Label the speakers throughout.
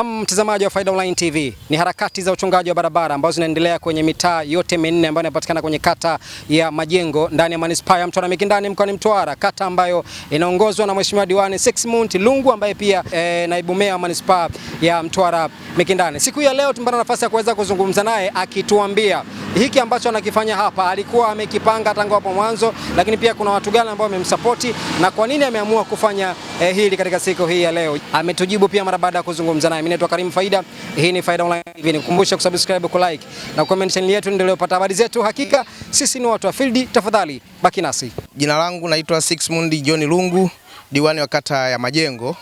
Speaker 1: Na mtazamaji wa Faida Online TV, ni harakati za uchongaji wa barabara ambazo zinaendelea kwenye mitaa yote minne ambayo inapatikana kwenye kata ya Majengo ndani ya manispaa ya Mtwara Mikindani mkoani Mtwara, kata ambayo inaongozwa na Mheshimiwa Diwani Sixmund Lungu ambaye pia e, naibu meya wa manispaa ya Mtwara Mikindani. Siku ya leo tumepata nafasi ya kuweza kuzungumza naye akituambia hiki ambacho anakifanya hapa alikuwa amekipanga tangu hapo mwanzo, lakini pia kuna watu gani ambao wamemsapoti na kwa nini ameamua kufanya e, hili katika siku hii ya leo. Ametujibu pia mara baada ya kuzungumza naye naitwa Karim Faida. Hii ni Faida Online TV. Nikukumbusha kusubscribe, ku like na comment channel yetu ndio upata habari zetu. Hakika sisi ni watu wa field, tafadhali baki nasi.
Speaker 2: Jina langu naitwa Sixmund John Lungu, diwani wa kata ya Majengo.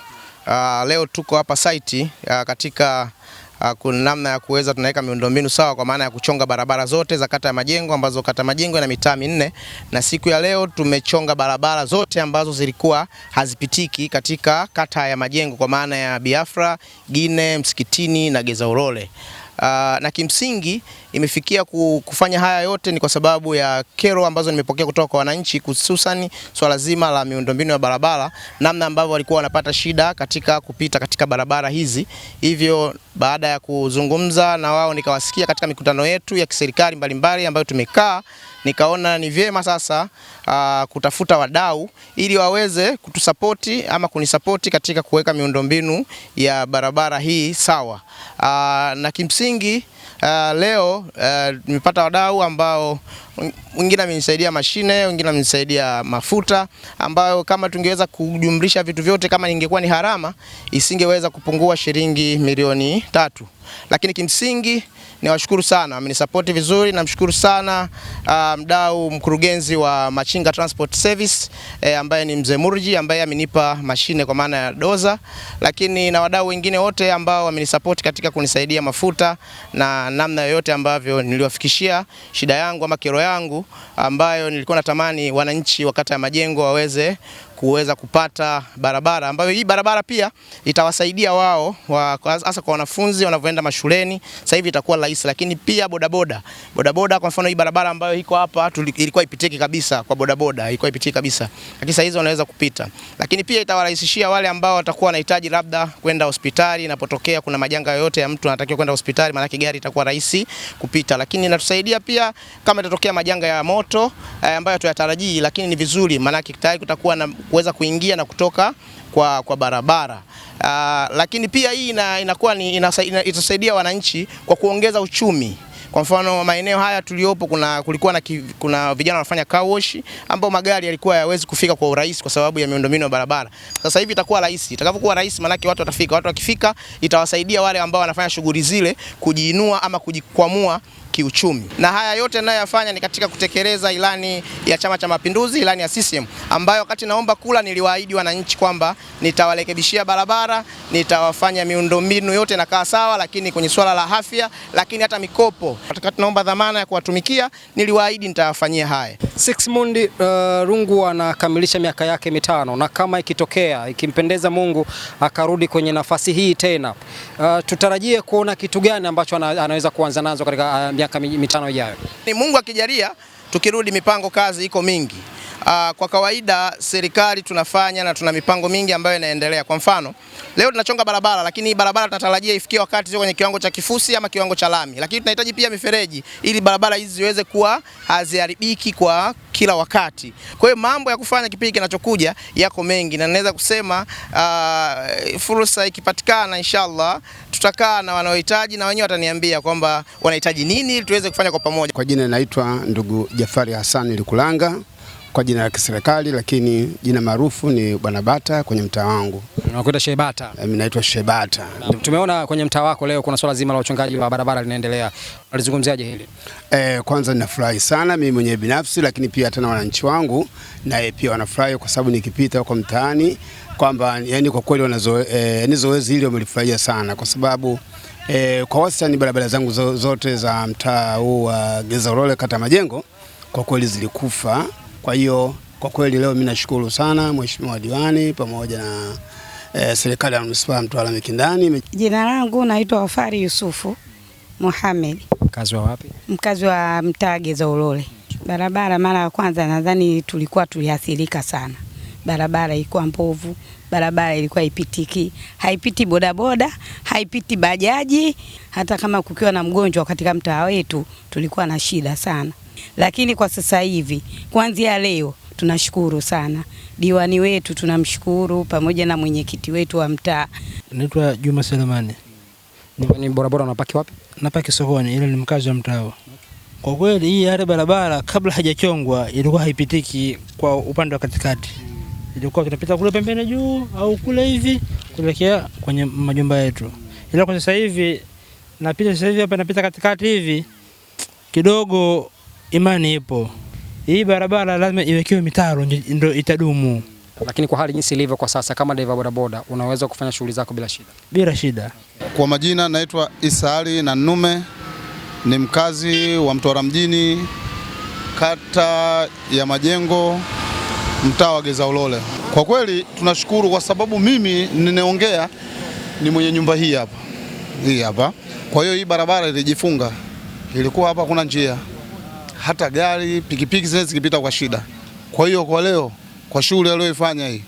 Speaker 2: Uh, leo tuko hapa site uh, katika Ah, kuna namna ya kuweza tunaweka miundombinu sawa, kwa maana ya kuchonga barabara zote za kata ya Majengo, ambazo kata Majengo ina mitaa minne, na siku ya leo tumechonga barabara zote ambazo zilikuwa hazipitiki katika kata ya Majengo, kwa maana ya Biafra, Gine, Msikitini na Geza Urole. Uh, ah, na kimsingi Imefikia kufanya haya yote ni kwa sababu ya kero ambazo nimepokea kutoka kwa wananchi, hususan swala zima la miundombinu ya barabara, namna ambavyo walikuwa wanapata shida katika kupita katika barabara hizi. Hivyo baada ya kuzungumza na wao, nikawasikia katika mikutano yetu ya kiserikali mbalimbali ambayo tumekaa, nikaona ni vyema sasa uh, kutafuta wadau ili waweze kutusapoti ama kunisapoti katika kuweka miundombinu ya barabara hii sawa. Uh, na kimsingi uh, leo Eh, nimepata uh, wadau ambao wengine amenisaidia mashine, wengine amenisaidia mafuta, ambayo kama tungeweza kujumlisha vitu vyote, kama ingekuwa ni harama, isingeweza kupungua shilingi milioni tatu lakini kimsingi niwashukuru sana, amenisapoti vizuri. Namshukuru sana uh, mdau mkurugenzi wa Machinga Transport Service eh, ambaye ni Mzee Murji ambaye amenipa mashine kwa maana ya doza, lakini na wadau wengine wote ambao wamenisapoti katika kunisaidia mafuta na namna yoyote ambavyo niliwafikishia shida yangu ama kero yangu ambayo nilikuwa natamani wananchi wakata ya Majengo waweze kuweza kupata barabara ambayo hii barabara pia itawasaidia wao hasa kwa wanafunzi wanavyoenda mashuleni. Sasa hivi itakuwa rahisi, lakini pia bodaboda bodaboda, kwa mfano hii barabara ambayo iko hapa ilikuwa ipitiki kabisa kwa bodaboda, ilikuwa ipitiki kabisa, lakini sasa hizi wanaweza kupita. Lakini pia itawarahisishia wale ambao watakuwa wanahitaji labda kwenda hospitali, inapotokea kuna majanga yoyote ya mtu anatakiwa kwenda hospitali, maana gari itakuwa rahisi kupita. Lakini inatusaidia pia kama itatokea majanga ya moto eh, ambayo tuyatarajii, lakini ni vizuri, maana tayari kutakuwa na kuweza kuingia na kutoka kwa, kwa barabara. Uh, lakini pia hii ina, inakuwa ni itasaidia wananchi kwa kuongeza uchumi. Kwa mfano maeneo haya tuliopo kuna, kulikuwa na ki, kuna vijana wanafanya car wash ambao magari yalikuwa hayawezi kufika kwa urahisi kwa sababu ya miundombinu ya barabara. Sasa hivi itakuwa rahisi. Itakapokuwa rahisi, maanake watu watafika. Watu wakifika, itawasaidia wale ambao wanafanya shughuli zile kujiinua ama kujikwamua kiuchumi, na haya yote ninayoyafanya ni katika kutekeleza ilani ya Chama cha Mapinduzi, ilani ya CCM ambayo wakati naomba kula niliwaahidi wananchi kwamba nitawarekebishia barabara, nitawafanya miundombinu yote nakaa sawa, lakini kwenye swala la afya, lakini hata mikopo, wakati naomba dhamana ya kuwatumikia niliwaahidi nitawafanyia haya.
Speaker 3: Mundi uh, Rungu anakamilisha miaka yake mitano na kama ikitokea ikimpendeza Mungu akarudi kwenye nafasi hii tena uh, tutarajie kuona kitu gani ambacho ana, anaweza kuanza nazo katika uh, miaka mitano ijayo.
Speaker 2: Ni Mungu akijalia, tukirudi mipango kazi iko mingi. Uh, kwa kawaida serikali tunafanya na tuna mipango mingi ambayo inaendelea. Kwa mfano, leo tunachonga barabara lakini barabara tunatarajia ifikie wakati sio kwenye kiwango cha kifusi ama kiwango cha lami. Lakini tunahitaji pia mifereji ili barabara hizi ziweze kuwa haziharibiki kwa kila wakati. Kwa hiyo mambo ya kufanya kipindi kinachokuja yako mengi na naweza kusema uh, fursa ikipatikana inshallah tutakaa na wanaohitaji na wenyewe wataniambia kwamba wanahitaji nini ili tuweze kufanya kwa pamoja.
Speaker 4: Kwa jina naitwa ndugu Jafari Hassan Likulanga kwa jina la kiserikali, lakini jina maarufu ni Bwana Bata kwenye mtaa wangu.
Speaker 2: Unakuita Shebata?
Speaker 4: Eh, mimi naitwa Shebata.
Speaker 2: Tumeona kwenye mtaa wako leo kuna swala zima la uchongaji wa barabara linaendelea, unalizungumziaje hili?
Speaker 4: E, kwanza ninafurahi sana mimi mwenyewe binafsi, lakini pia hata na wananchi wangu naye pia wanafurahi kwa sababu nikipita huko mtaani kwamba yani kwa kweli wanazo e, zoezi hili wamelifurahia sana kwa sababu e, kwa wastani barabara zangu zote za mtaa huu wa Gezarole kata Majengo kwa kweli zilikufa kwa hiyo kwa kweli leo mimi nashukuru sana mheshimiwa diwani pamoja na e, serikali ya manispaa Mtwara Mikindani.
Speaker 5: Jina langu naitwa Wafari Yusufu Mohamed,
Speaker 2: mkazi wa wapi?
Speaker 5: Mkazi wa Mtage za Ulole. Barabara mara ya kwanza nadhani tulikuwa tuliathirika sana barabara ilikuwa mbovu, barabara ilikuwa haipitiki, haipiti bodaboda, haipiti bajaji. Hata kama kukiwa na mgonjwa katika mtaa wetu tulikuwa na shida sana, lakini kwa sasa hivi kuanzia leo tunashukuru sana diwani wetu, tunamshukuru pamoja na mwenyekiti wetu wa mtaa.
Speaker 6: Naitwa Juma Selemani.
Speaker 2: Diwani bodaboda unapaki wapi?
Speaker 6: Napaki sokoni, ile ni mkazi wa mtaa Kwa kweli hii hata barabara kabla hajachongwa ilikuwa haipitiki kwa upande wa katikati ilikuwa tunapita kule pembeni juu au kule hivi kuelekea kwenye majumba yetu, ila kwa sasa hivi napita sasa hivi hapa napita katikati hivi kidogo. Imani ipo hii barabara lazima iwekewe mitaro, ndio itadumu.
Speaker 2: Lakini kwa hali jinsi ilivyo kwa sasa, kama dereva bodaboda, unaweza kufanya shughuli zako bila shida,
Speaker 6: bila shida.
Speaker 7: Kwa majina naitwa Isaali na Nume, ni mkazi wa Mtwara mjini, kata ya Majengo mtaa wa Geza Ulole. Kwa kweli tunashukuru kwa sababu mimi ninaongea ni mwenye nyumba hii hapa hii hapa. Kwa hiyo hii barabara ilijifunga, ilikuwa hapa kuna njia, hata gari pikipiki zile zikipita kwa shida. Kwa hiyo kwa leo kwa shughuli aliyoifanya hii,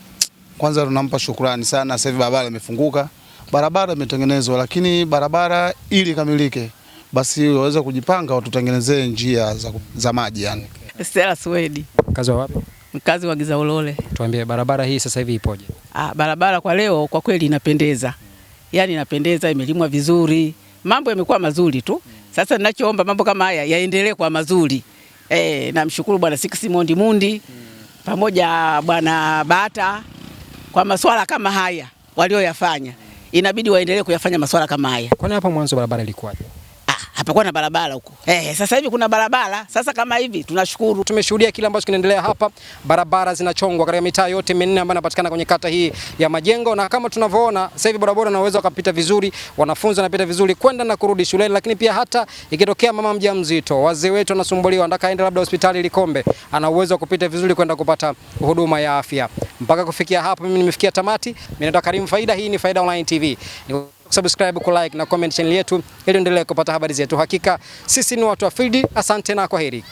Speaker 7: kwanza tunampa shukrani sana. Sasa hivi barabara imefunguka, barabara imetengenezwa, lakini barabara ili kamilike basi waweze kujipanga watutengenezee njia za, za maji yani.
Speaker 8: Stella Swedi. Kazi wapi? mkazi wa Giza Ulole.
Speaker 2: Tuambie barabara hii sasa hivi ipoje?
Speaker 9: Ah, barabara kwa leo kwa kweli inapendeza, yaani inapendeza, imelimwa vizuri, mambo yamekuwa mazuri tu. Sasa ninachoomba mambo kama haya yaendelee kwa mazuri. E, namshukuru bwana Six Mondi Mundi pamoja bwana Bata kwa masuala kama haya walioyafanya, inabidi waendelee kuyafanya masuala kama haya.
Speaker 2: Kwani hapo mwanzo barabara ilikuwaje?
Speaker 9: hapakuwa na barabara huko. Eh, sasa hivi kuna barabara. Sasa kama hivi tunashukuru.
Speaker 2: Tumeshuhudia kile ambacho kinaendelea hapa, barabara zinachongwa katika mitaa yote minne ambayo inapatikana kwenye kata hii ya Majengo, na kama tunavyoona sasa hivi barabara inaweza kupita vizuri, wanafunzi wanapita vizuri kwenda na kurudi shuleni, lakini pia hata ikitokea mama mjamzito, wazee wetu wanasumbuliwa, anataka aende labda hospitali Likombe, ana uwezo kupita vizuri kwenda kupata huduma ya afya. Mpaka kufikia hapo, mimi nimefikia tamati. Mimi naitwa Karim Faida, hii ni Faida Online TV. Ni kusubscribe, like na comment channel yetu ili endelee kupata habari zetu. Hakika sisi ni watu wa field. Asante na kwaheri.